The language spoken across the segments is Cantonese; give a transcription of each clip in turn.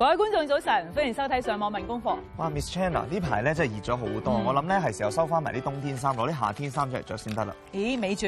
各位觀眾早晨，歡迎收睇上網問功課。哇，Miss Chan 啊，呢排咧真係熱咗好多，嗯、我諗咧係時候收翻埋啲冬天衫，攞啲夏天衫出嚟著先得啦。咦，咪住？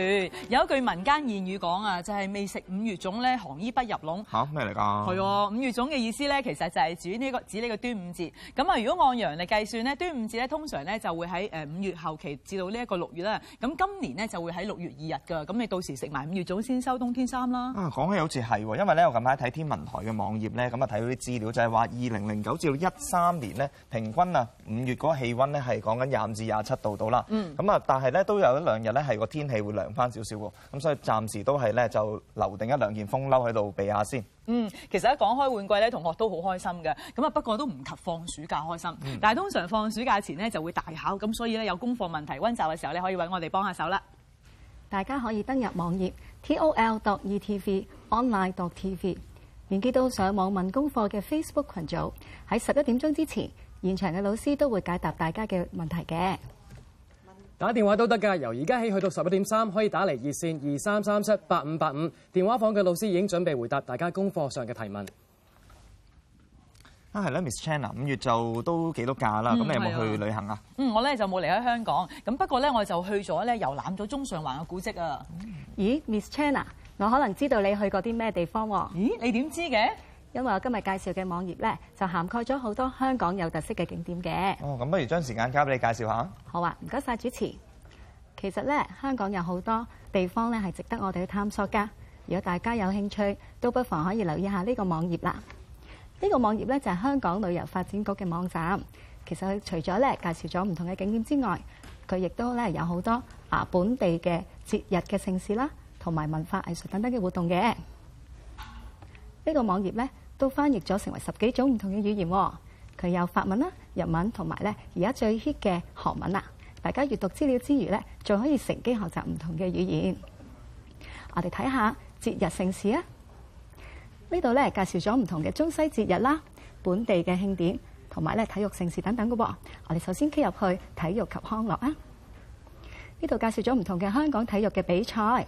有一句民間諺語講啊，就係、是、未食五月粽咧，寒衣不入籠吓，咩嚟㗎？係五月粽嘅意思咧，其實就係指呢、呢個指呢個端午節。咁啊，如果按陽曆計算咧，端午節咧通常咧就會喺誒五月後期至到呢一個六月啦。咁今年咧就會喺六月二日㗎。咁你到時食埋五月粽先收冬天衫啦。啊，講起好似係喎，因為咧我近排睇天文台嘅網頁咧，咁啊睇到啲資料就是。係話二零零九至到一三年咧，平均啊五月嗰氣温咧係講緊廿五至廿七度到啦。咁啊、嗯，但係咧都有一兩日咧係個天氣會涼翻少少喎。咁所以暫時都係咧就留定一兩件風褸喺度避下先。嗯，其實一講開換季咧，同學都好開心嘅。咁啊，不過都唔及放暑假開心。嗯、但係通常放暑假前咧就會大考，咁所以咧有功課問題温習嘅時候咧，你可以揾我哋幫下手啦。大家可以登入網頁 tol.etvonline.tv。連接都上網問功課嘅 Facebook 群組，喺十一點鐘之前，現場嘅老師都會解答大家嘅問題嘅。打電話都得㗎，由而家起去到十一點三，可以打嚟熱線二三三七八五八五，電話房嘅老師已經準備回答大家功課上嘅提問。啊，係咧，Miss Chana，五月就都幾多假啦？咁、嗯、你有冇去旅行啊？嗯，我咧就冇離開香港，咁不過咧我就去咗咧遊覽咗中上環嘅古蹟啊。嗯、咦，Miss Chana？我可能知道你去過啲咩地方喎。咦，你點知嘅？因為我今日介紹嘅網頁咧，就涵蓋咗好多香港有特色嘅景點嘅。哦，咁不如將時間交俾你介紹下。好啊，唔該晒主持。其實咧，香港有好多地方咧係值得我哋去探索噶。如果大家有興趣，都不妨可以留意下呢個網頁啦。呢個網頁咧就係香港旅遊發展局嘅網站。其實佢除咗咧介紹咗唔同嘅景點之外，佢亦都咧有好多啊本地嘅節日嘅盛事啦。同埋文化藝術等等嘅活動嘅，呢個網頁咧，都翻譯咗成為十幾種唔同嘅語言。佢有法文啦、日文同埋咧而家最 hit 嘅韓文啦。大家閲讀資料之餘咧，仲可以乘機學習唔同嘅語言。我哋睇下節日盛事啊，呢度咧介紹咗唔同嘅中西節日啦、本地嘅慶典同埋咧體育盛事等等嘅噃。我哋首先傾入去體育及康樂啊，呢度介紹咗唔同嘅香港體育嘅比賽。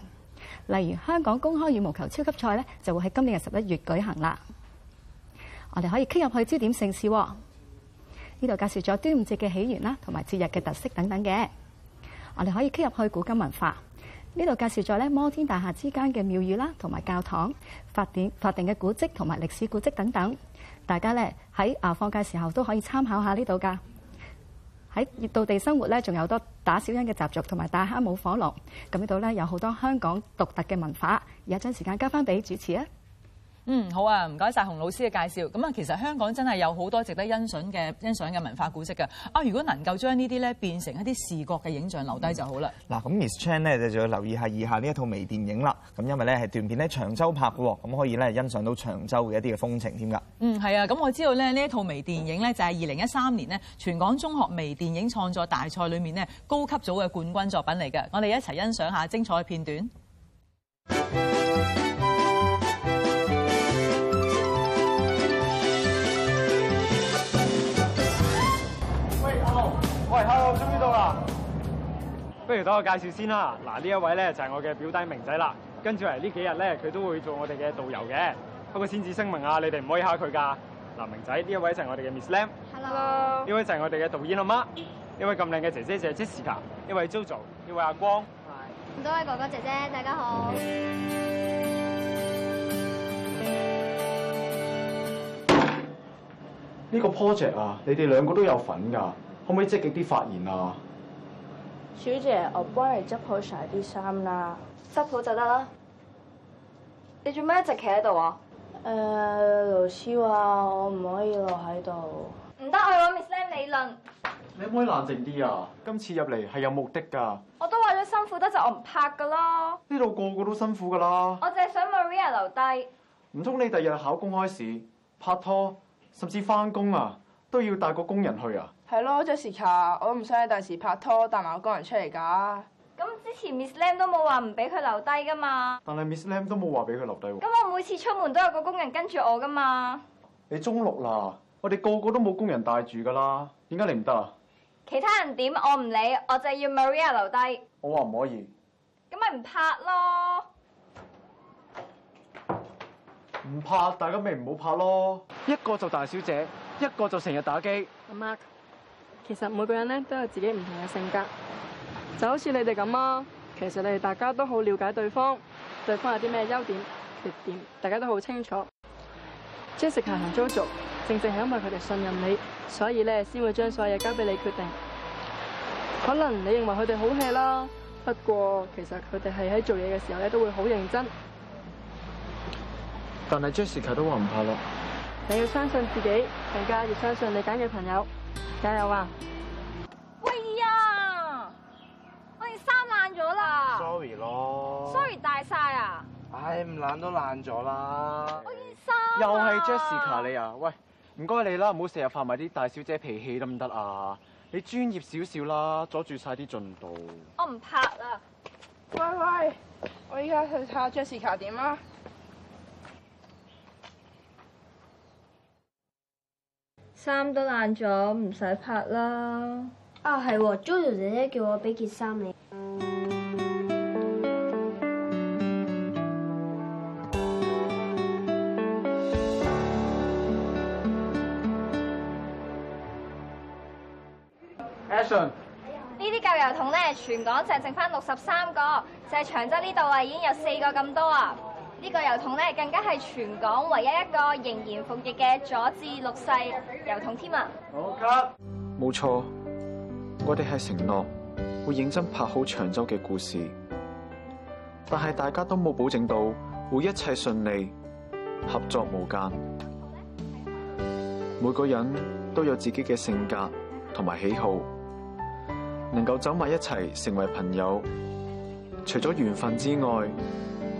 例如香港公開羽毛球超級賽咧，就會喺今年嘅十一月舉行啦。我哋可以傾入去焦點盛事，呢度介紹咗端午節嘅起源啦，同埋節日嘅特色等等嘅。我哋可以傾入去古今文化，呢度介紹咗咧摩天大廈之間嘅廟宇啦，同埋教堂、法典、法定嘅古蹟同埋歷史古蹟等等。大家咧喺啊放假時候都可以參考下呢度噶。喺熱度地生活咧，仲有很多打小人嘅習俗，同埋大坑舞火龍。咁呢度有好多香港獨特嘅文化。而家將時間交翻俾主持啊！嗯，好啊，唔該晒洪老師嘅介紹。咁啊，其實香港真係有好多值得欣賞嘅欣賞嘅文化古蹟嘅。啊，如果能夠將呢啲咧變成一啲視覺嘅影像留低就好啦。嗱，嗯，咁 Miss Chan 咧就要留意下以下呢一套微電影啦。咁因為咧係段片咧長洲拍嘅喎，咁可以咧欣賞到長洲嘅一啲嘅風情添㗎。嗯，係啊。咁我知道咧呢一套微電影咧就係二零一三年呢全港中學微電影創作大賽裡面呢高級組嘅冠軍作品嚟嘅。我哋一齊欣賞下精彩嘅片段。不如等我介紹先啦。嗱，呢一位咧就係我嘅表弟明仔啦。跟住嚟呢幾日咧，佢都會做我哋嘅導遊嘅。不過先至聲明啊，你哋唔可以嚇佢㗎。嗱，明仔，呢一位就係我哋嘅 Miss Lam。Hello。呢位就係我哋嘅導演阿媽。呢、嗯、位咁靚嘅姐姐就係 Jessica。呢位 JoJo，呢位阿光。唔多謝哥哥姐姐，大家好。呢個 project 啊，你哋兩個都有份㗎，可唔可以積極啲發言啊？小姐，我幫你執好晒啲衫啦，執好就得啦。你做咩一直企喺度啊？誒、呃，老師話我唔可以留喺度，唔得，我去要搵 Miss 理論。你可唔可以冷靜啲啊？今次入嚟係有目的噶。我都話咗辛苦得就我唔拍噶咯。呢度個個都辛苦噶啦。我淨係想 Maria 留低。唔通你第日考公開試、拍拖，甚至返工啊，都要帶個工人去啊？係咯，Jessica，我唔想你第時拍拖帶埋個工人出嚟噶。咁之前 Miss Lam 都冇話唔俾佢留低噶嘛？但係 Miss Lam 都冇話俾佢留低。咁我每次出門都有個工人跟住我噶嘛？你中六啦，我哋個個都冇工人帶住噶啦，點解你唔得啊？其他人點我唔理，我就要 Maria 留低。我話唔可以。咁咪唔拍咯？唔拍，大家咪唔好拍咯。一個就大小姐，一個就成日打機。Mark。其實每個人咧都有自己唔同嘅性格，就好似你哋咁啊。其實你哋大家都好了解對方，對方有啲咩優點、缺點，大家都好清楚 Jessica、嗯。Jessica 同 Jojo 正正係因為佢哋信任你，所以咧先會將所有嘢交俾你決定。可能你認為佢哋好 hea 啦，不過其實佢哋係喺做嘢嘅時候咧都會好認真。但係 Jessica 都話唔怕囉，你要相信自己，更加要相信你揀嘅朋友。加油啊 Sorry 了 sorry，啊！喂啊！我件衫爛咗啦！sorry 咯。sorry 大晒啊！唉，唔爛都爛咗啦。我件衫、啊、又係 Jessica 你啊！喂，唔該你啦，唔好成日發埋啲大小姐脾氣得唔得啊？你專業少少啦，阻住晒啲進度。我拜拜。我唔拍啦。喂喂，我依家去睇下 Jessica 點啦。衫都爛咗，唔使拍啦。啊，係喎，Jojo 姐姐叫我俾件衫你。Action！呢啲舊油桶咧，全港淨剩翻六十三個，就係長洲呢度啊，已經有四個咁多啊。呢個郵筒咧，更加係全港唯一一個仍然服役嘅佐治六世郵筒添啊！冇錯，我哋係承諾會認真拍好長洲嘅故事，但係大家都冇保證到會一切順利，合作無間。每個人都有自己嘅性格同埋喜好，能夠走埋一齊成為朋友，除咗緣分之外。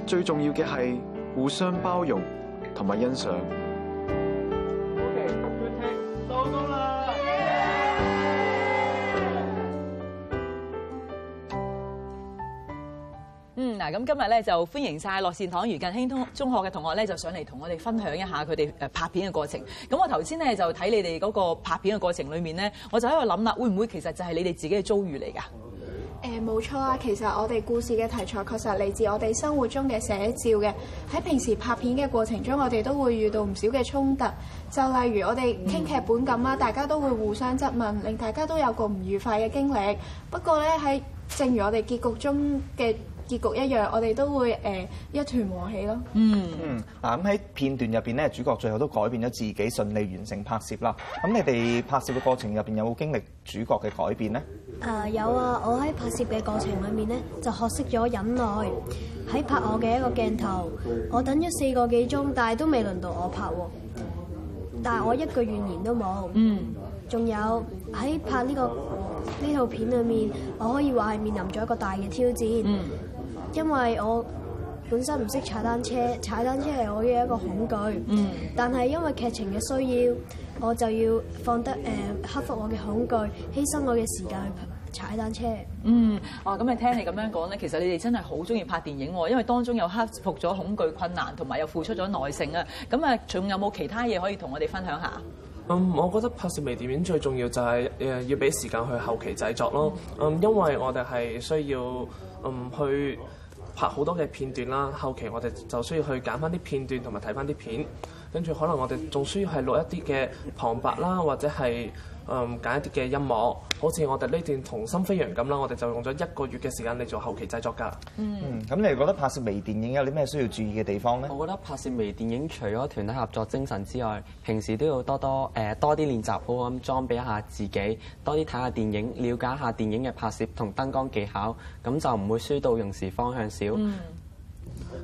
最重要嘅係互相包容同埋欣賞。OK 收工啦！嗯，嗱，咁今日咧就歡迎晒樂善堂余近卿中學嘅同學咧就上嚟同我哋分享一下佢哋誒拍片嘅過程。咁我頭先咧就睇你哋嗰個拍片嘅過程裏面咧，我就喺度諗啦，會唔會其實就係你哋自己嘅遭遇嚟噶？誒冇錯啊！其實我哋故事嘅題材確實嚟自我哋生活中嘅寫照嘅。喺平時拍片嘅過程中，我哋都會遇到唔少嘅衝突，就例如我哋傾劇本咁啦，大家都會互相質問，令大家都有個唔愉快嘅經歷。不過呢，喺正如我哋結局中嘅結局一樣，我哋都會誒、呃、一團和氣咯、嗯。嗯嗯，嗱咁喺片段入邊咧，主角最後都改變咗自己，順利完成拍攝啦。咁你哋拍攝嘅過程入邊有冇經歷主角嘅改變咧？誒、啊、有啊，我喺拍攝嘅過程裏面咧，就學識咗忍耐。喺拍我嘅一個鏡頭，我等咗四個幾鐘，但係都未輪到我拍喎。但係我一句怨言都冇。嗯。仲有喺拍呢、這個呢套片裏面，我可以話係面臨咗一個大嘅挑戰。嗯。因為我本身唔識踩單車，踩單車係我嘅一個恐懼。嗯。但係因為劇情嘅需要，我就要放得誒、呃、克服我嘅恐懼，犧牲我嘅時間去踩單車。嗯，哇、啊！咁、嗯、你聽你咁樣講咧，其實你哋真係好中意拍電影喎，因為當中又克服咗恐懼困難，同埋又付出咗耐性啊。咁啊，仲有冇其他嘢可以同我哋分享一下？嗯，我覺得拍攝微電影最重要就係誒要俾時間去後期製作咯。嗯，嗯，因為我哋係需要嗯去。拍好多嘅片段啦，後期我哋就需要去揀翻啲片段同埋睇翻啲片。跟住可能我哋仲需要係錄一啲嘅旁白啦，或者係嗯揀一啲嘅音樂，好似我哋呢段《童心飛揚》咁啦，我哋就用咗一個月嘅時間嚟做後期製作㗎。嗯，咁、嗯、你覺得拍攝微電影有啲咩需要注意嘅地方呢？我覺得拍攝微電影除咗團隊合作精神之外，平時都要多多誒、呃、多啲練習，好好咁裝備一下自己，多啲睇下電影，了解下電影嘅拍攝同燈光技巧，咁就唔會書到用時方恨少。嗯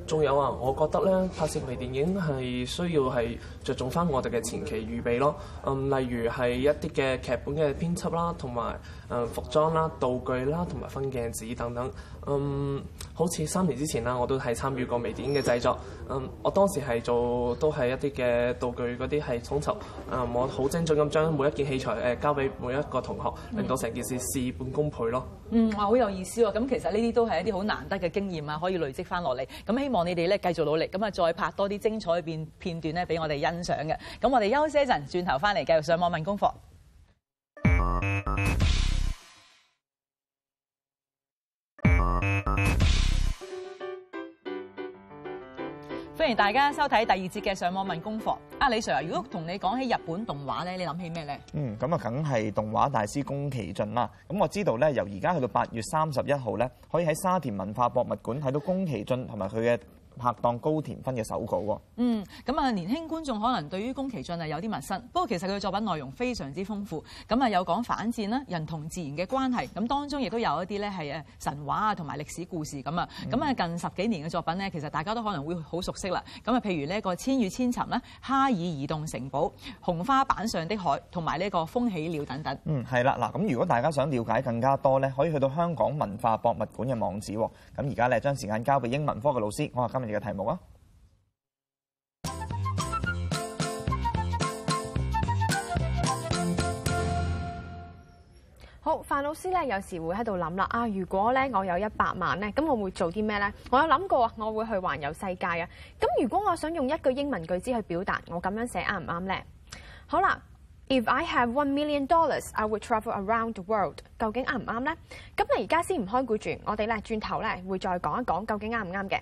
仲有啊，我覺得咧拍攝微電影係需要係着重翻我哋嘅前期預備咯。嗯，例如係一啲嘅劇本嘅編輯啦，同埋誒服裝啦、道具啦，同埋分鏡紙等等。嗯。好似三年之前啦，我都係參與過微電影嘅製作。嗯，我當時係做都係一啲嘅道具嗰啲係統籌。嗯，我好精準咁將每一件器材誒交俾每一個同學，令到成件事事半功倍咯。嗯，哇，好有意思喎！咁其實呢啲都係一啲好難得嘅經驗啊，可以累積翻落嚟。咁希望你哋咧繼續努力，咁啊再拍多啲精彩片片段咧俾我哋欣賞嘅。咁我哋休息一陣，轉頭翻嚟繼續上網問功課。嗯嗯。歡迎大家收睇第二節嘅上網問功課啊，李 Sir，如果同你講起日本動畫咧，你諗起咩咧？嗯，咁啊，梗係動畫大師宮崎駿啦。咁我知道咧，由而家去到八月三十一號咧，可以喺沙田文化博物館睇到宮崎駿同埋佢嘅拍檔高畑勳嘅手稿喎。嗯，咁啊年輕觀眾可能對於宮崎駿係有啲陌生，不過其實佢作品內容非常之豐富，咁啊有講反戰啦、人同自然嘅關係，咁當中亦都有一啲咧係神話啊同埋歷史故事咁啊，咁啊近十幾年嘅作品呢，其實大家都可能會好熟悉啦。咁啊，譬如呢個千與千尋啦、哈爾移動城堡、紅花坂上的海同埋呢個風起了等等。嗯，係啦，嗱，咁如果大家想了解更加多呢，可以去到香港文化博物館嘅網址。咁而家呢，將時間交俾英文科嘅老師，我我嘅題目啊，好，范老師咧有時會喺度諗啦啊。如果咧我有一百萬咧，咁我會做啲咩咧？我有諗過啊，我會去環遊世界啊。咁如果我想用一句英文句子去表達，我咁樣寫啱唔啱咧？好啦，If I have one million dollars, I would travel around the world。究竟啱唔啱咧？咁你而家先唔開估住，我哋咧轉頭咧會再講一講究竟啱唔啱嘅。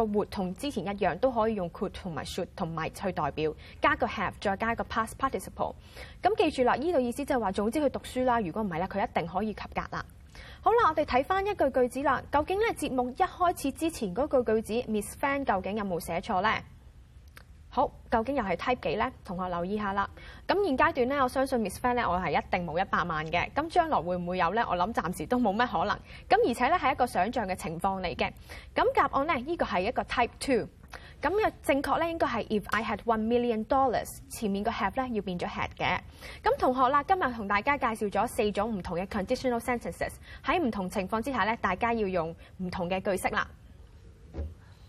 個活同之前一樣，都可以用 could 同埋 should 同埋去代表，加個 have 再加個 past participle。咁記住啦，呢度意思就係話，總之佢讀書啦，如果唔係咧，佢一定可以及格啦。好啦，我哋睇翻一句句子啦，究竟咧節目一開始之前嗰句句子 Miss Fan 究竟有冇寫錯呢？好，究竟又係 type 幾呢？同學留意一下啦。咁現階段咧，我相信 Miss Fan 咧，我係一定冇一百萬嘅。咁將來會唔會有呢？我諗暫時都冇咩可能。咁而且咧係一個想像嘅情況嚟嘅。咁答案呢，呢、呢個係一個 type two。咁嘅正確咧應該係 If I had one million dollars，前面個 have 咧要變咗 had 嘅。咁同學啦，今日同大家介紹咗四種唔同嘅 conditional sentences，喺唔同情況之下咧，大家要用唔同嘅句式啦。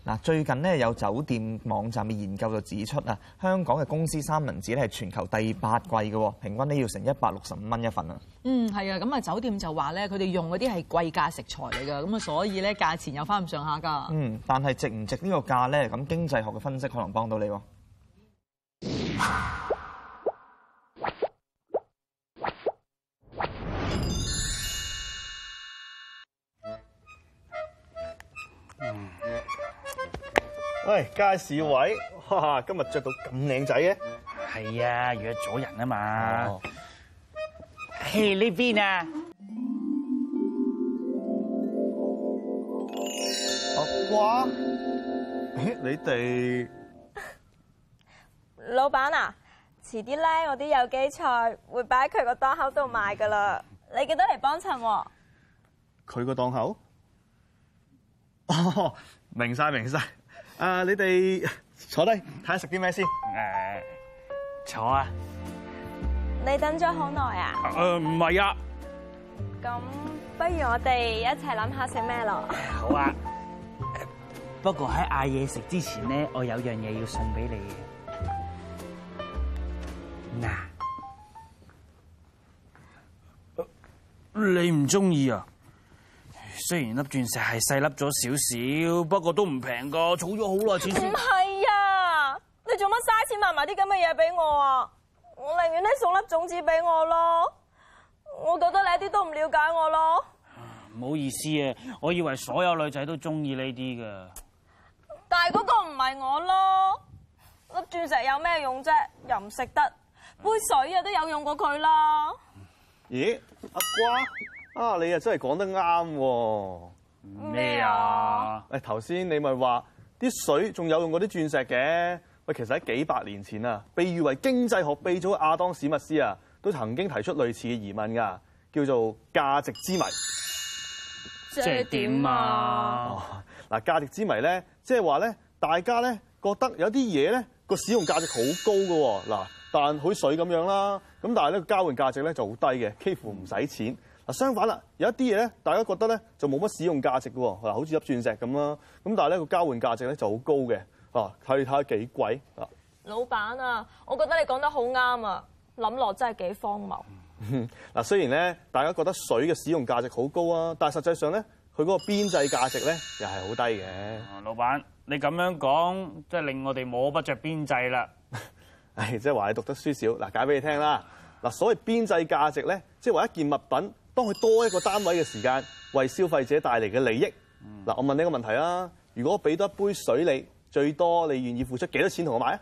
嗱，最近咧有酒店網站嘅研究就指出啊，香港嘅公司三文治咧係全球第八貴嘅，平均咧要成一百六十五蚊一份啊。嗯，係啊，咁啊酒店就話咧，佢哋用嗰啲係貴價食材嚟㗎，咁啊所以咧價錢又翻唔上下㗎。嗯，但係值唔值呢個價咧？咁經濟學嘅分析可能幫到你。 喂，哎，街市位，哈哈，今日着到咁靚仔嘅。係啊，約咗人啊嘛。嘿，呢邊啊，阿瓜。你哋老闆啊，遲啲咧，我啲有機菜會擺喺佢個檔口度賣噶啦，你記得嚟幫襯。佢個檔口？哦，明晒明晒。啊！你哋坐低睇下食啲咩先。誒，坐啊！你等咗、啊、好耐啊？誒，唔係啊。咁不如我哋一齊諗下食咩咯？好啊。不過喺嗌嘢食之前咧，我有樣嘢要送俾你，你。嗱，你唔中意啊？雖然粒鑽石係細粒咗少少，不過都唔平噶，儲咗好耐錢。唔係啊，你做乜嘥錢買埋啲咁嘅嘢俾我啊？我寧願你送粒種子俾我咯。我覺得你一啲都唔了解我咯。唔好意思啊，我以為所有女仔都中意呢啲噶。但係嗰個唔係我咯，粒鑽石有咩用啫？又唔食得，杯水啊都有用過佢啦。咦？阿瓜。啊！你啊麼，真係講得啱喎。咩啊？誒，頭先你咪話啲水仲有用過啲鑽石嘅喂。其實喺幾百年前啊，被譽為經濟學鼻祖嘅亞當史密斯啊，都曾經提出類似嘅疑問噶，叫做價值之謎。即係點啊？嗱，價值之謎咧，即係話咧，大家咧覺得有啲嘢咧個使用價值好高嘅嗱，但好似水咁樣啦，咁但係咧個交換價值咧就好低嘅，幾乎唔使錢。嗱，相反啦，有一啲嘢咧，大家覺得咧就冇乜使用價值嘅喎，嗱，好似粒鑽石咁啦，咁但係咧個交換價值咧就好高嘅，嚇睇睇下幾貴啊！老闆啊，我覺得你講得好啱啊，諗落真係幾荒謬。嗱 雖然咧大家覺得水嘅使用價值好高啊，但係實際上咧佢嗰個邊際價值咧又係好低嘅。老闆，你咁樣講即係令我哋摸不着邊際啦，唉，即係話你讀得書少。嗱，解俾你聽啦，嗱，所謂邊際價值咧，即係話一件物品，當佢多一個單位嘅時間，為消費者帶嚟嘅利益。嗱，嗯、我問你個個問題啦，如果俾多一杯水你，最多你願意付出幾多錢同我買啊？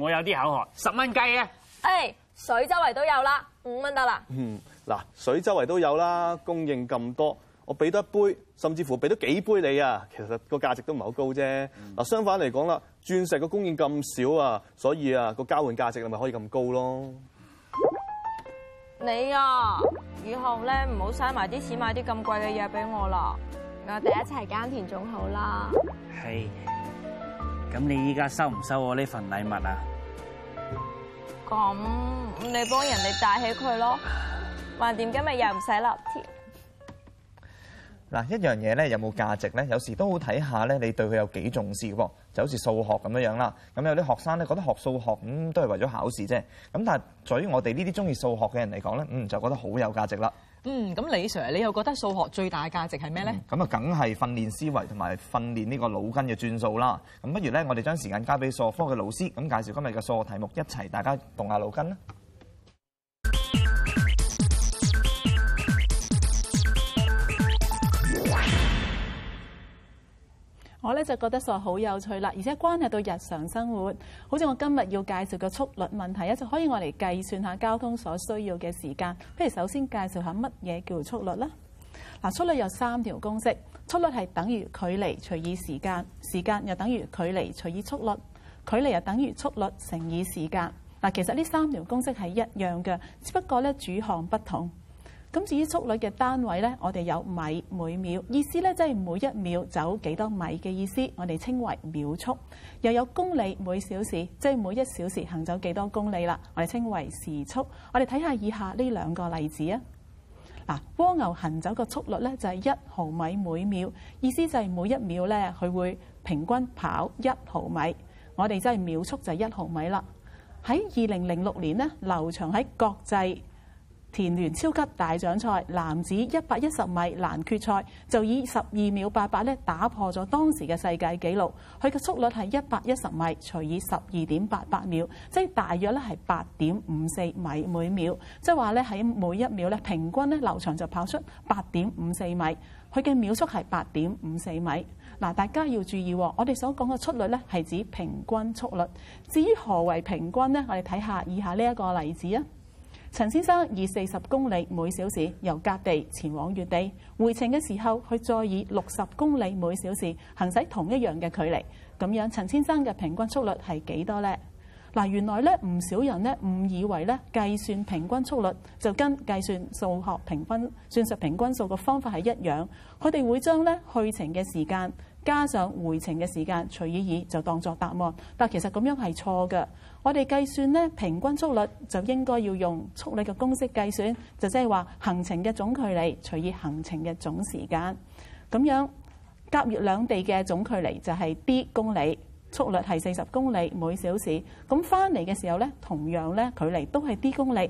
我有啲口渴，十蚊雞啊！誒、哎，水周圍都有啦，五蚊得啦。嗯，嗱，水周圍都有啦，供應咁多，我俾多一杯，甚至乎俾多幾杯你啊，其實個價值都唔係好高啫。嗱，嗯、相反嚟講啦，鑽石個供應咁少啊，所以啊，個交換價值咪可以咁高咯。你啊，以後咧，唔好嘥埋啲錢買啲咁貴嘅嘢俾我啦，我哋一齊耕田仲好啦。係，咁你依家收唔收我呢份禮物啊？咁你幫人哋帶起佢咯，橫掂今日又唔使立貼？嗱，一樣嘢咧，有冇價值咧？有時都好睇下咧，你對佢有幾重視喎。哦，就好似數學咁樣樣啦。咁有啲學生咧覺得學數學咁、嗯、都係為咗考試啫。咁但係在於我哋呢啲中意數學嘅人嚟講咧，嗯就覺得好有價值啦。嗯，咁李 Sir 你又覺得數學最大價值係咩咧？咁啊、嗯，梗係訓練思維同埋訓練呢個腦筋嘅轉數啦。咁不如咧，我哋將時間交俾數學科嘅老師，咁介紹今日嘅數學題目，一齊大家動下腦筋啦。我咧就覺得就好有趣啦，而且關係到日常生活，好似我今日要介紹嘅速率問題，就可以我嚟計算下交通所需要嘅時間。不如首先介紹下乜嘢叫速率啦？嗱，速率有三條公式，速率係等於距離除以時間，時間又等於距離除以速率，距離又等於速率乘以時間。嗱，其實呢三條公式係一樣嘅，只不過咧主項不同。咁至於速率嘅單位呢，我哋有米每秒，意思呢即係每一秒走幾多米嘅意思，我哋稱為秒速；又有公里每小時，即係每一小時行走幾多公里啦，我哋稱為時速。我哋睇下以下呢兩個例子啊。嗱，蝸牛行走嘅速率呢就係一毫米每秒，意思就係每一秒呢佢會平均跑一毫米，我哋即係秒速就係一毫米啦。喺二零零六年呢，劉翔喺國際田聯超級大獎賽男子一百一十米欄決賽就以十二秒八八咧打破咗當時嘅世界紀錄，佢嘅速率係一百一十米除以十二點八八秒，即係大約咧係八點五四米每秒，即係話咧喺每一秒咧平均咧劉翔就跑出八點五四米，佢嘅秒速係八點五四米。嗱，大家要注意，我哋所講嘅速率咧係指平均速率。至於何為平均呢？我哋睇下以下呢一個例子啊。陳先生以四十公里每小時由甲地前往月地，回程嘅時候佢再以六十公里每小時行駛同一樣嘅距離，咁樣陳先生嘅平均速率係幾多呢？嗱，原來咧唔少人咧誤以為咧計算平均速率就跟計算數學平均算術平均數嘅方法係一樣，佢哋會將咧去程嘅時間。加上回程嘅時間除以二就當作答案，但其實咁樣係錯嘅。我哋計算呢，平均速率就應該要用速率嘅公式計算，就即係話行程嘅總距離除以行程嘅總時間。咁樣甲乙兩地嘅總距離就係 D 公里，速率係四十公里每小時。咁返嚟嘅時候呢，同樣呢距離都係 D 公里，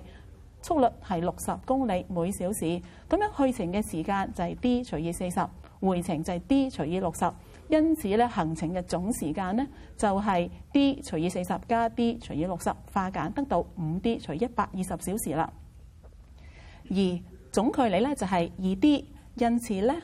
速率係六十公里每小時。咁樣去程嘅時間就係 D 除以四十，回程就係 D 除以六十。因此咧，行程嘅總時間咧就係 d 除以四十加 d 除以六十，化簡得到五 d 除一百二十小時啦。而總距離咧就係二 d，因此咧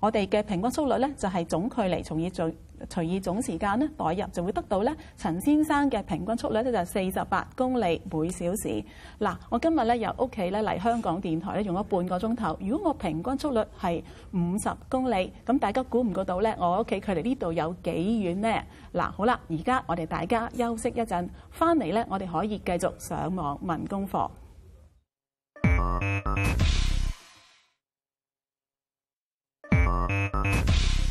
我哋嘅平均速率咧就係總距離除以最。隨意總時間咧代入，就會得到咧陳先生嘅平均速率咧就係四十八公里每小時。嗱，我今日咧由屋企咧嚟香港電台咧用咗半個鐘頭。如果我平均速率係五十公里，咁大家估唔估到咧我屋企距離呢度有幾遠咧？嗱，好啦，而家我哋大家休息一陣，翻嚟咧我哋可以繼續上網問功課。啊啊啊啊啊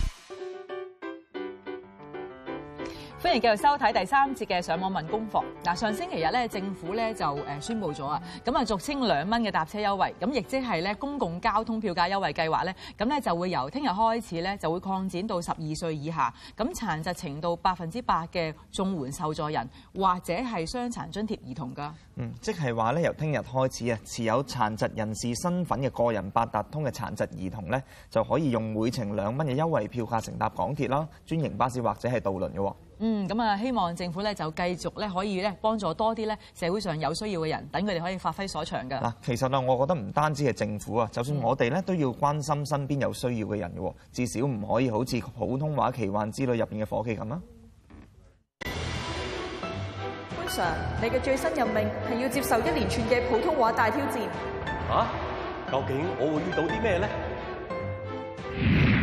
歡迎繼續收睇第三節嘅上網問功課嗱。上星期日咧，政府咧就誒宣佈咗啊，咁啊俗稱兩蚊嘅搭車優惠，咁亦即係咧公共交通票價優惠計劃咧，咁咧就會由聽日開始咧就會擴展到十二歲以下，咁殘疾程度百分之百嘅綜援受助人或者係傷殘津貼兒童㗎。嗯，即係話咧由聽日開始啊，持有殘疾人士身份嘅個人八達通嘅殘疾兒童咧就可以用每程兩蚊嘅優惠票價乘搭港鐵啦、專營巴士或者係渡輪㗎。嗯，咁啊，希望政府咧就繼續咧可以咧幫助多啲咧社會上有需要嘅人，等佢哋可以發揮所長嘅。嗱，其實啊，我覺得唔單止係政府啊，就算我哋咧、嗯、都要關心身邊有需要嘅人嘅，至少唔可以好似普通話奇幻之旅入邊嘅伙計咁啊，潘 Sir，你嘅最新任命係要接受一連串嘅普通話大挑戰。嚇、啊？究竟我會遇到啲咩咧？嗯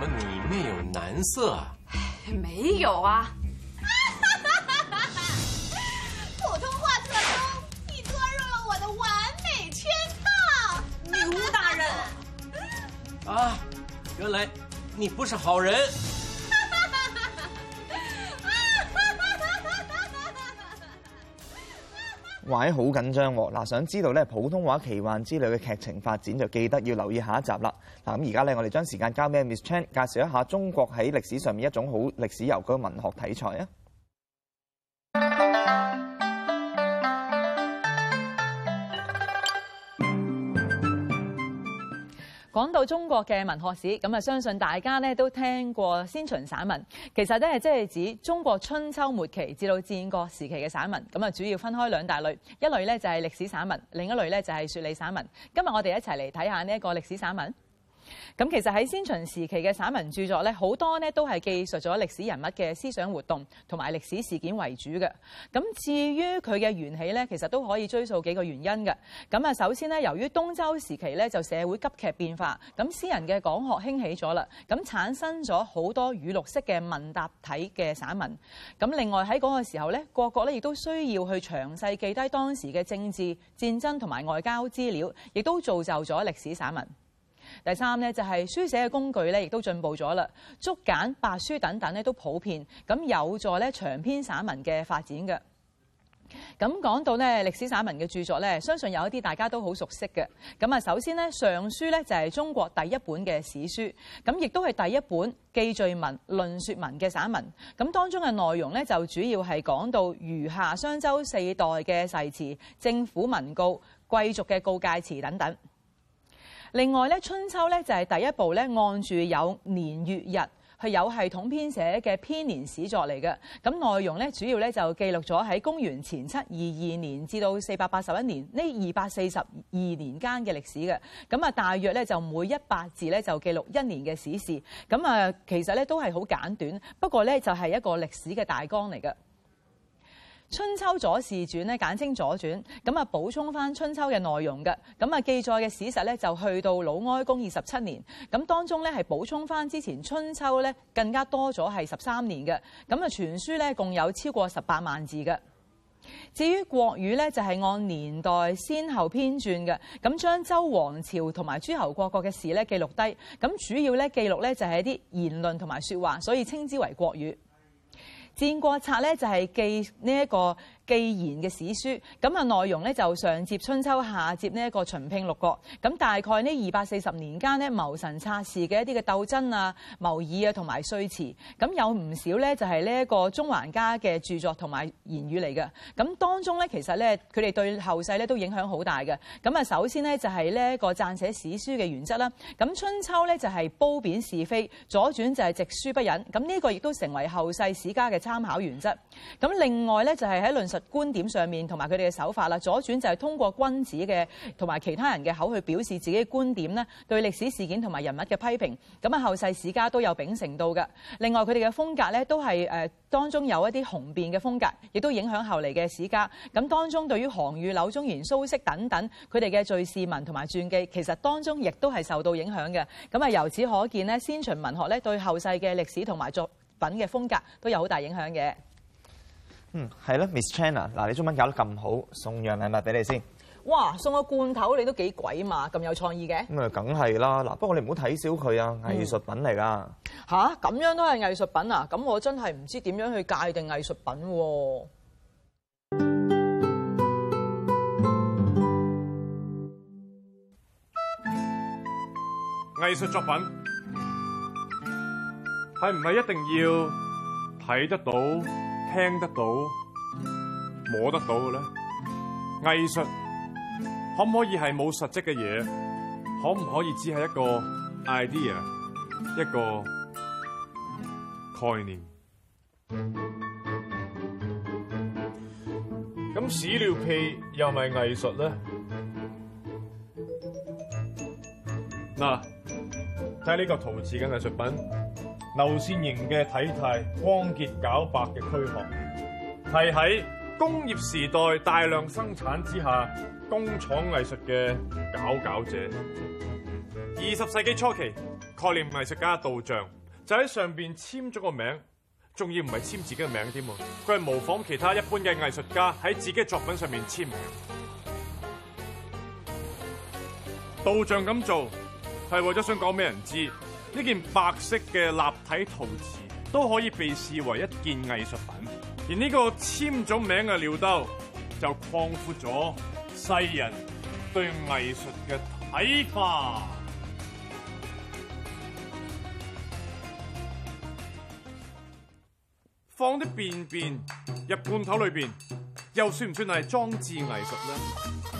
怎麼你沒有難色，啊唉？沒有啊！ 普通話特工，你落入了我的完美圈套，女巫大人！ 啊，原來你不是好人！ 喂！好緊張，啊！嗱，想知道呢普通話奇幻之旅嘅劇情發展，就記得要留意下一集啦。嗱，咁而家咧，我哋將時間交俾 Miss Chan 介紹一下中國喺歷史上面一種好歷史悠久嘅文學體裁。啊。講到中國嘅文學史，咁啊，相信大家咧都聽過先秦散文。其實咧即係指中國春秋末期至到戰國時期嘅散文。咁啊，主要分開兩大類，一類咧就係歷史散文，另一類咧就係説理散文。今日我哋一齊嚟睇下呢一個歷史散文。咁其實喺先秦時期嘅散文著作呢，好多呢都係記述咗歷史人物嘅思想活動同埋歷史事件為主嘅。咁至於佢嘅源起呢，其實都可以追溯幾個原因嘅。咁啊，首先呢，由於東周時期呢，就社會急劇變化，咁私人嘅講學興起咗啦，咁產生咗好多語錄式嘅問答體嘅散文。咁另外喺嗰個時候呢，各國呢亦都需要去詳細記低當時嘅政治戰爭同埋外交資料，亦都造就咗歷史散文。第三呢，就係書寫嘅工具咧，亦都進步咗啦，竹簡、白書等等咧都普遍，咁有助咧長篇散文嘅發展嘅。咁講到呢歷史散文嘅著作呢，相信有一啲大家都好熟悉嘅。咁啊，首先呢，《尚書》呢就係中國第一本嘅史書，咁亦都係第一本記敘文、論説文嘅散文。咁當中嘅內容呢，就主要係講到虞夏商周四代嘅誓詞、政府文告、貴族嘅告戒詞等等。另外咧，春秋咧就係第一部咧按住有年月日，係有系統編寫嘅編年史作嚟嘅。咁內容咧主要咧就記錄咗喺公元前七二二年至到四百八十一年呢二百四十二年間嘅歷史嘅。咁啊，大約咧就每一百字咧就記錄一年嘅史事。咁啊，其實咧都係好簡短，不過咧就係一個歷史嘅大綱嚟嘅。春秋左氏傳咧簡稱左傳，咁啊補充翻春秋嘅內容嘅，咁啊記載嘅史實咧就去到魯哀公二十七年，咁當中咧係補充翻之前春秋咧更加多咗係十三年嘅，咁啊全書咧共有超過十八萬字嘅。至於國語咧就係按年代先後編纂嘅，咁將周王朝同埋諸侯各國國嘅事咧記錄低，咁主要咧記錄咧就係一啲言論同埋說話，所以稱之為國語。《戰國策》咧就係記呢一個記言嘅史書，咁啊，內容咧就上接春秋，下接呢一個秦並六國，咁大概呢二百四十年間咧，謀臣策士嘅一啲嘅鬥爭啊、謀議啊同埋說辭，咁有唔少咧就係、是、呢一個縱橫家嘅著作同埋言語嚟嘅，咁當中咧其實咧佢哋對後世咧都影響好大嘅，咁啊首先咧就係、是、呢一個撰寫史書嘅原則啦，咁春秋咧就係、是、褒貶是非，左轉就係直書不隱，咁呢、這個亦都成為後世史家嘅參考原則，咁另外咧就係喺論述。觀點上面同埋佢哋嘅手法啦，左傳就係通過君子嘅同埋其他人嘅口去表示自己嘅觀點呢，對歷史事件同埋人物嘅批評，咁啊後世史家都有秉承到嘅。另外佢哋嘅風格呢，都係誒、呃、當中有一啲雄辯嘅風格，亦都影響後嚟嘅史家。咁當中對於韓愈、柳宗元、蘇軾等等佢哋嘅敘事文同埋傳記，其實當中亦都係受到影響嘅。咁啊由此可見呢，先秦文學呢對後世嘅歷史同埋作品嘅風格都有好大影響嘅。嗯，係啦，Miss Chan 啊，嗱，你中文搞得咁好，送樣禮物俾你先。哇，送個罐頭你都幾鬼嘛，咁有創意嘅。咁啊、嗯，梗係啦，嗱，不過你唔好睇小佢啊，藝術品嚟噶。吓、嗯、咁、啊、樣都係藝術品啊？咁我真係唔知點樣去界定藝術品、啊。藝術作品係唔係一定要睇得到？聽得到，摸得到嘅咧，藝術可唔可以係冇實質嘅嘢？可唔可以只係一個 idea，一個概念？咁屎尿屁又咪藝術咧？嗱，睇下呢個陶瓷嘅藝術品。流線型嘅體態，光潔皎白嘅軀殼，係喺工業時代大量生產之下，工廠藝術嘅佼佼者。二十世紀初期，概念藝術家杜象就喺上邊簽咗個名，仲要唔係簽自己嘅名添，佢係模仿其他一般嘅藝術家喺自己作品上面簽名。杜象咁做係為咗想講俾人知。呢件白色嘅立體陶瓷都可以被視為一件藝術品，而呢個簽咗名嘅尿兜就擴闊咗世人對藝術嘅睇法。放啲便便入罐頭裏邊，又算唔算係裝置藝術呢？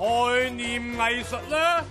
概念藝術啦，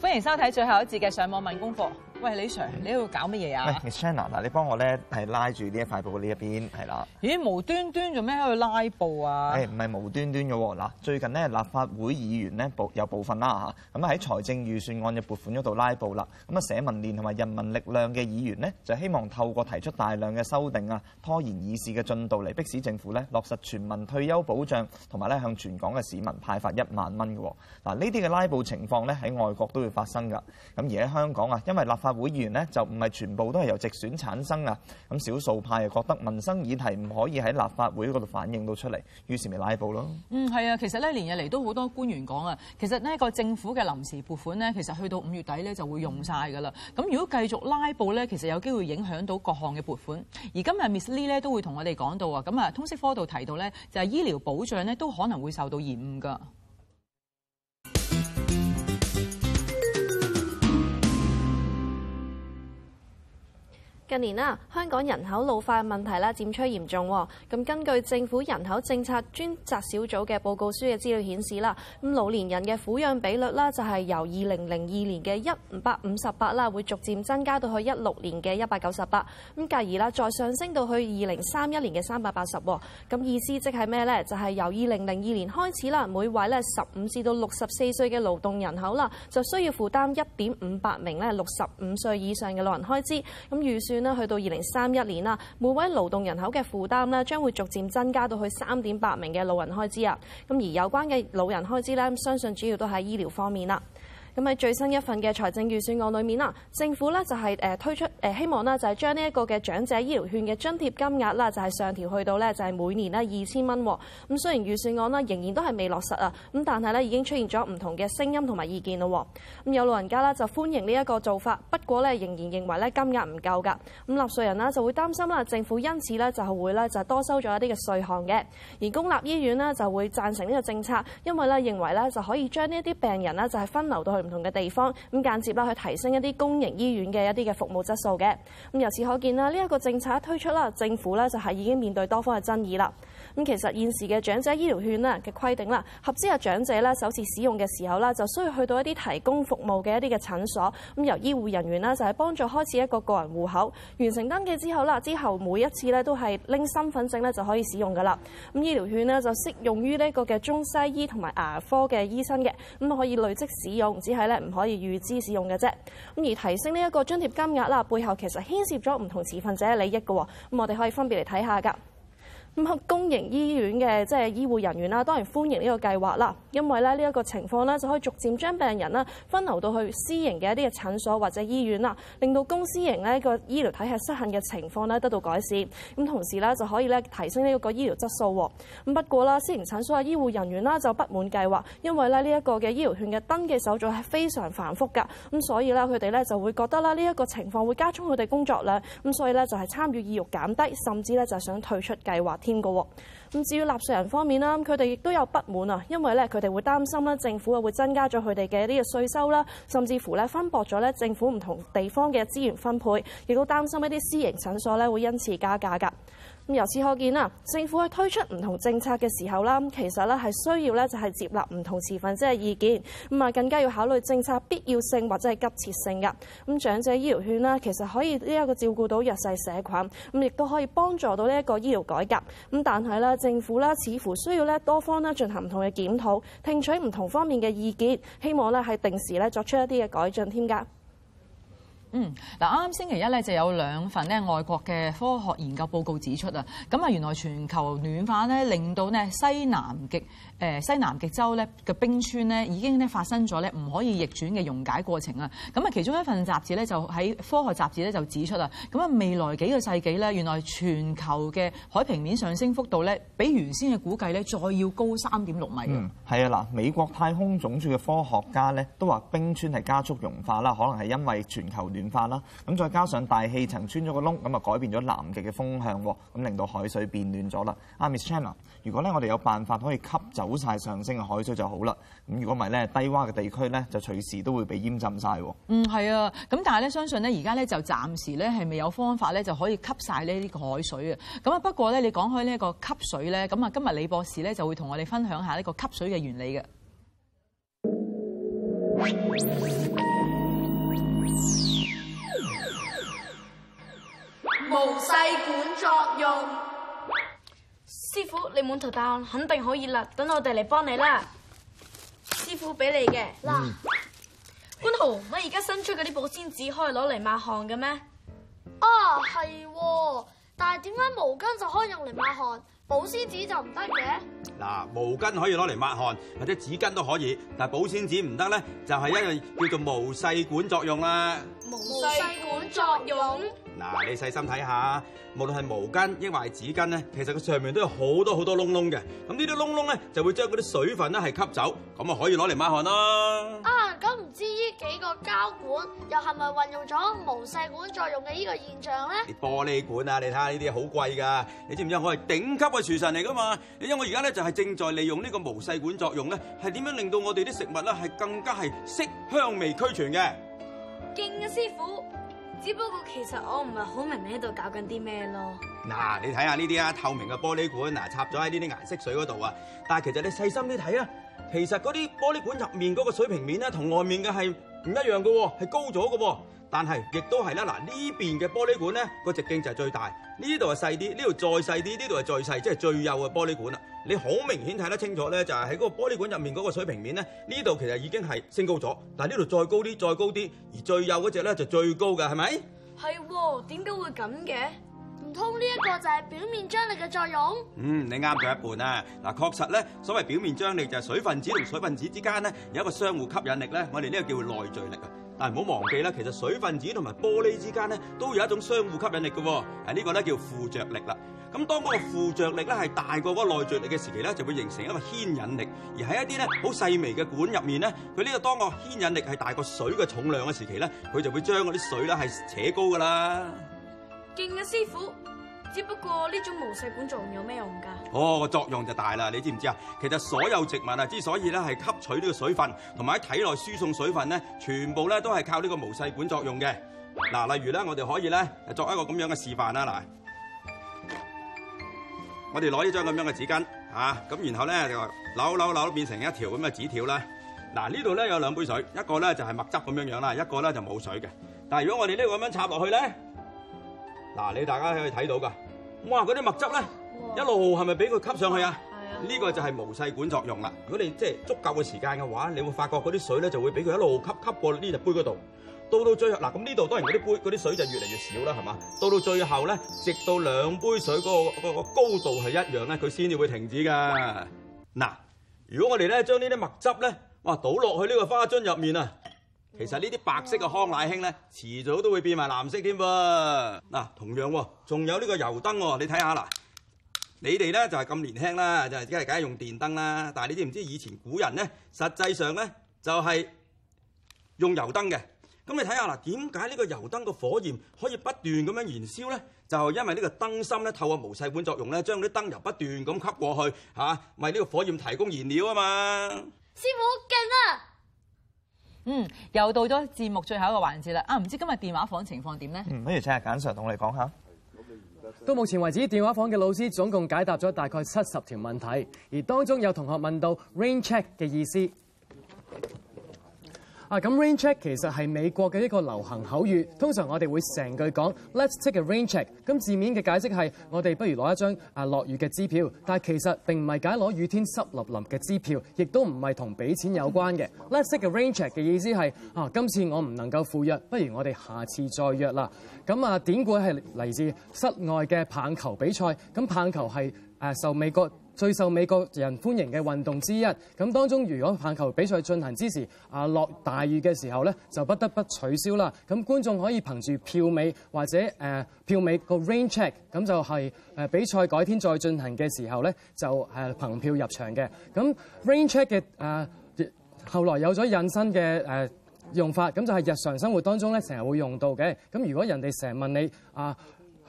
歡迎收睇最後一節嘅上網問功課。喂，李 sir，你喺度搞乜嘢啊？喂，China，嗱，ina, 你幫我咧係拉住呢一塊布呢一邊，係啦。咦、欸，無端端做咩喺度拉布啊？誒、欸，唔係無端端嘅喎，嗱，最近呢，立法會議員呢，部有部分啦吓，咁啊喺財政預算案嘅撥款嗰度拉布啦，咁啊社民連同埋人民力量嘅議員呢，就希望透過提出大量嘅修訂啊，拖延議事嘅進度嚟逼使政府咧落實全民退休保障同埋咧向全港嘅市民派發一萬蚊嘅喎。嗱、啊，呢啲嘅拉布情況咧喺外國都會發生㗎，咁、啊、而喺香港啊，因為立法法會議員呢就唔係全部都係由直選產生啊，咁少數派又覺得民生議題唔可以喺立法會嗰度反映到出嚟，於是咪拉布咯。嗯，係啊，其實呢，連日嚟都好多官員講啊，其實呢個政府嘅臨時撥款呢，其實去到五月底呢就會用晒㗎啦。咁如果繼續拉布呢，其實有機會影響到各項嘅撥款。而今日 Miss Lee 呢都會同我哋講到啊，咁啊通識科度提到呢，就係、是、醫療保障呢都可能會受到延誤㗎。近年啦，香港人口老化問題咧漸趨嚴重。咁根據政府人口政策專責小組嘅報告書嘅資料顯示啦，咁老年人嘅撫養比率啦，就係由二零零二年嘅一百五十八啦，會逐漸增加到去一六年嘅一百九十八，咁繼而啦再上升到去二零三一年嘅三百八十。咁意思即係咩呢？就係、是、由二零零二年開始啦，每位咧十五至到六十四歲嘅勞動人口啦，就需要負擔一點五百名咧六十五歲以上嘅老人開支。咁預算。咧去到二零三一年啦，每位勞動人口嘅負擔咧將會逐漸增加到去三點八名嘅老人開支啊，咁而有關嘅老人開支咧，相信主要都喺醫療方面啦。咁喺最新一份嘅財政預算案裏面啦，政府咧就係、是、誒、呃、推出誒、呃、希望呢就係將呢一個嘅長者醫療券嘅津貼金額啦，就係上調去到咧就係每年咧二千蚊。咁雖然預算案咧仍然都係未落實啊，咁但係咧已經出現咗唔同嘅聲音同埋意見咯。咁有老人家啦就歡迎呢一個做法，不過咧仍然認為咧金額唔夠㗎。咁納稅人啦就會擔心啦，政府因此咧就係會咧就係多收咗一啲嘅稅項嘅。而公立醫院呢就會贊成呢個政策，因為咧認為咧就可以將呢一啲病人咧就係分流到去。唔同嘅地方，咁間接啦去提升一啲公營醫院嘅一啲嘅服務質素嘅。咁由此可見啦，呢一個政策一推出啦，政府咧就係已經面對多方嘅爭議啦。咁其實現時嘅長者醫療券咧嘅規定啦，合資格長者咧首次使用嘅時候咧，就需要去到一啲提供服務嘅一啲嘅診所，咁由醫護人員咧就係幫助開始一個個人戶口完成登記之後啦，之後每一次咧都係拎身份證咧就可以使用噶啦。咁醫療券呢，就適用於呢一個嘅中西醫同埋牙科嘅醫生嘅，咁可以累積使用，只係咧唔可以預支使用嘅啫。咁而提升呢一個津貼金額啦，背後其實牽涉咗唔同持份者嘅利益嘅，咁我哋可以分別嚟睇下㗎。咁公營醫院嘅即係醫護人員啦，當然歡迎呢個計劃啦，因為咧呢一個情況咧就可以逐漸將病人咧分流到去私營嘅一啲嘅診所或者醫院啦，令到公私營呢個醫療體系失衡嘅情況咧得到改善，咁同時咧就可以咧提升呢一個醫療質素喎。咁不過啦，私營診所嘅醫護人員啦就不滿計劃，因為咧呢一個嘅醫療券嘅登記手續係非常繁複㗎，咁所以咧佢哋咧就會覺得啦呢一個情況會加重佢哋工作量。咁所以咧就係參與意欲減低，甚至咧就想退出計劃。添噶，咁至於納稅人方面啦，佢哋亦都有不滿啊，因為咧佢哋會擔心咧政府啊會增加咗佢哋嘅呢個嘅稅收啦，甚至乎咧分薄咗咧政府唔同地方嘅資源分配，亦都擔心一啲私營診所咧會因此加價噶。由此可見啦，政府喺推出唔同政策嘅時候啦，咁其實咧係需要咧就係接納唔同持份者嘅意見，咁啊更加要考慮政策必要性或者係急切性噶，咁長者醫療券啦，其實可以呢一個照顧到弱勢社群，咁亦都可以幫助到呢一個醫療改革。咁但係咧，政府咧似乎需要咧多方咧進行唔同嘅檢討，聽取唔同方面嘅意見，希望咧係定時咧作出一啲嘅改進添噶。嗯，嗱，啱啱星期一咧，就有兩份咧外國嘅科學研究報告指出啊，咁啊，原來全球暖化咧令到咧西南極。誒西南極洲咧嘅冰川咧已經咧發生咗咧唔可以逆轉嘅溶解過程啊！咁啊，其中一份雜誌咧就喺科學雜誌咧就指出啦，咁啊未來幾個世紀咧，原來全球嘅海平面上升幅度咧，比原先嘅估計咧再要高三點六米。嗯，係啊嗱，美國太空總署嘅科學家咧都話冰川係加速融化啦，可能係因為全球暖化啦，咁再加上大氣層穿咗個窿，咁啊改變咗南極嘅風向，咁令到海水變暖咗啦。啊，Miss Chen 啊，ler, 如果咧我哋有辦法可以吸走。補晒上升嘅海水就好啦。咁如果唔係咧，低窪嘅地區咧，就隨時都會被淹浸晒。嗯，係啊。咁但係咧，相信咧，而家咧就暫時咧係未有方法咧就可以吸晒呢啲海水啊？咁啊，不過咧，你講開呢個吸水咧，咁啊，今日李博士咧就會同我哋分享一下呢個吸水嘅原理嘅。毛細管作用。師傅，你滿頭大汗，肯定可以啦，等我哋嚟幫你啦。師傅俾你嘅。嗱，官豪、嗯，我而家新出嗰啲保鮮紙可以攞嚟抹汗嘅咩？啊係、哦，但係點解毛巾就可以用嚟抹汗，保鮮紙就唔得嘅？嗱，毛巾可以攞嚟抹汗或者紙巾都可以，但係保鮮紙唔得咧，就係因為叫做毛細管作用啦。毛細管作用。嗱，你細心睇下，無論係毛巾抑或係紙巾咧，其實佢上面都有好多好多窿窿嘅。咁呢啲窿窿咧，就會將嗰啲水分咧係吸走，咁啊可以攞嚟抹汗咯。啊，咁唔知呢幾個膠管又係咪運用咗毛細管作用嘅呢個現象咧？啲玻璃管啊，你睇下呢啲好貴㗎，你知唔知我係頂級嘅廚神嚟㗎嘛？因為我而家咧就係正在利用呢個毛細管作用咧，係點樣令到我哋啲食物咧係更加係色香味俱全嘅。勁啊，師傅！只不過其實我唔係好明你喺度搞緊啲咩咯。嗱、啊，你睇下呢啲啊，透明嘅玻璃管嗱，插咗喺呢啲顏色水嗰度啊。但係其實你細心啲睇啊，其實嗰啲玻璃管入面嗰個水平面咧，同外面嘅係唔一樣嘅，係高咗嘅。但係，亦都係啦。嗱，呢邊嘅玻璃管咧，個直徑就係最大。呢度係細啲，呢度再細啲，呢度係最細，即係最幼嘅玻璃管。你好明顯睇得清楚咧，就係喺嗰個玻璃管入面嗰個水平面咧，呢度其實已經係升高咗。但係呢度再高啲，再高啲，而最幼嗰隻咧就最高嘅，係咪？係喎，啊，點解會咁嘅？唔通呢一個就係表面張力嘅作用？嗯，你啱咗一半啊。嗱，確實咧，所謂表面張力就係水分子同水分子之間咧有一個相互吸引力咧，我哋呢個叫內聚力啊。但係唔好忘記啦，其實水分子同埋玻璃之間咧，都有一種相互吸引力嘅喎、啊。啊呢個、呢個咧叫附着力啦。咁當嗰個附着力咧係大過嗰個內聚力嘅時期咧，就會形成一個牽引力。而喺一啲咧好細微嘅管入面咧，佢呢、呢個當個牽引力係大過水嘅重量嘅時期咧，佢就會將嗰啲水咧係扯高噶啦。勁呀，師傅。只不過呢種毛細管作用有咩用噶？哦，個作用就大啦，你知唔知啊？其實所有植物啊，之所以咧係吸取呢個水分，同埋喺體內輸送水分咧，全部咧都係靠呢個毛細管作用嘅。嗱，例如咧，我哋可以咧作一個咁樣嘅示範啦。嗱，我哋攞呢張咁樣嘅紙巾啊，咁然後咧就話扭扭扭變成一條咁嘅紙條啦。嗱，呢度咧有兩杯水，一個咧就係墨汁咁樣樣啦，一個咧就冇水嘅。但係如果我哋呢咁樣插落去咧？嗱，你大家可以睇到噶，哇，嗰啲墨汁咧，一路係咪俾佢吸上去啊？呢個就係毛細管作用啦。如果你即係足夠嘅時間嘅話，你會發覺嗰啲水咧就會俾佢一路吸吸過呢隻杯嗰度。到到最後嗱，咁呢度當然嗰啲杯嗰啲水就越嚟越少啦，係嘛？到到最後咧，直到兩杯水嗰個嗰個高度係一樣咧，佢先至會停止噶。嗱，如果我哋咧將呢啲墨汁咧，哇倒落去呢個花樽入面啊！其實呢啲白色嘅康乃馨咧，遲早都會變埋藍色添噃。嗱，同樣喎，仲有呢個油燈喎，你睇下啦。你哋咧就係咁年輕啦，就係梗係梗係用電燈啦。但係你知唔知以前古人咧，實際上咧就係、是、用油燈嘅。咁你睇下啦，點解呢個油燈個火焰可以不斷咁樣燃燒咧？就係因為呢個燈芯咧，透過毛細管作用咧，將啲燈油不斷咁吸過去，吓、啊、為呢個火焰提供燃料啊嘛。師傅，勁啊！嗯，又到咗節目最後一個環節啦！啊，唔知今日電話房情況點咧？嗯，不如請阿簡 Sir 同我哋講下。到目前為止，電話房嘅老師總共解答咗大概七十條問題，而當中有同學問到 rain check 嘅意思。啊，咁 rain check 其實係美國嘅一個流行口語，通常我哋會成句講 let's take a rain check。咁字面嘅解釋係我哋不如攞一張啊落雨嘅支票，但其實並唔係解攞雨天濕淋淋嘅支票，亦都唔係同俾錢有關嘅。Let's take a rain check 嘅意思係啊，今次我唔能夠赴約，不如我哋下次再約啦。咁啊，典故係嚟自室外嘅棒球比賽，咁棒球係、啊、受美國最受美國人歡迎嘅運動之一，咁當中如果棒球比賽進行之時，啊落大雨嘅時候咧，就不得不取消啦。咁觀眾可以憑住票尾或者、啊、票尾個 rain check，咁就係、是、誒、啊、比賽改天再進行嘅時候咧，就誒憑票入場嘅。咁 rain check 嘅誒、啊、後來有咗引申嘅用法，咁就係日常生活當中咧成日會用到嘅。咁如果人哋成日問你啊，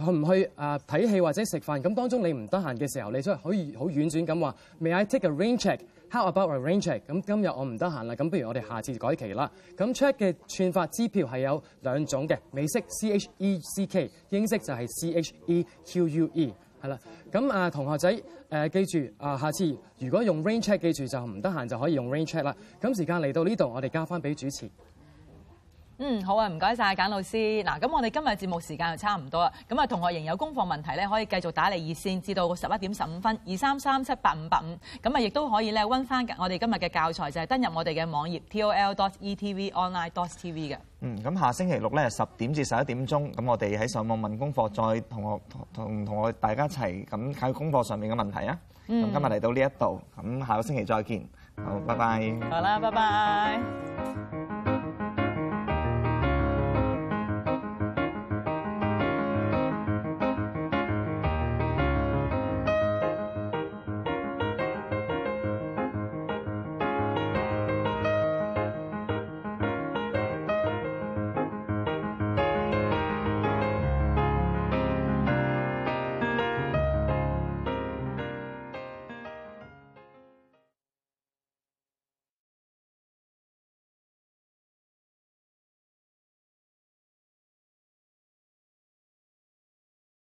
去唔去呃睇戲或者食飯，咁當中你唔得閒嘅時候，你都係可以好婉轉咁話，May I take a rain check？How about a rain check？咁今日我唔得閒啦，咁不如我哋下次改期啦。咁 check 嘅串發支票係有兩種嘅，美式 C H E C K，英式就係 C H E Q U E，係啦。咁啊同學仔誒、呃、記住啊，下次如果用 rain check，記住就唔得閒就可以用 rain check 啦。咁時間嚟到呢度，我哋交翻俾主持。嗯，好啊，唔該晒，簡老師。嗱，咁我哋今日節目時間又差唔多啦。咁啊，同學仍有功課問題咧，可以繼續打嚟熱線，至到十一點十五分，二三三七八五八五。咁啊，亦都可以咧溫翻我哋今日嘅教材，就係、是、登入我哋嘅網頁 t o l dot e t v online dot t v 嘅。嗯，咁下星期六咧，十點至十一點鐘，咁我哋喺上網問功課，再同學同同我大家一齊咁睇功課上面嘅問題啊。咁、嗯、今日嚟到呢一度，咁下個星期再見。好，拜拜。好啦，拜拜。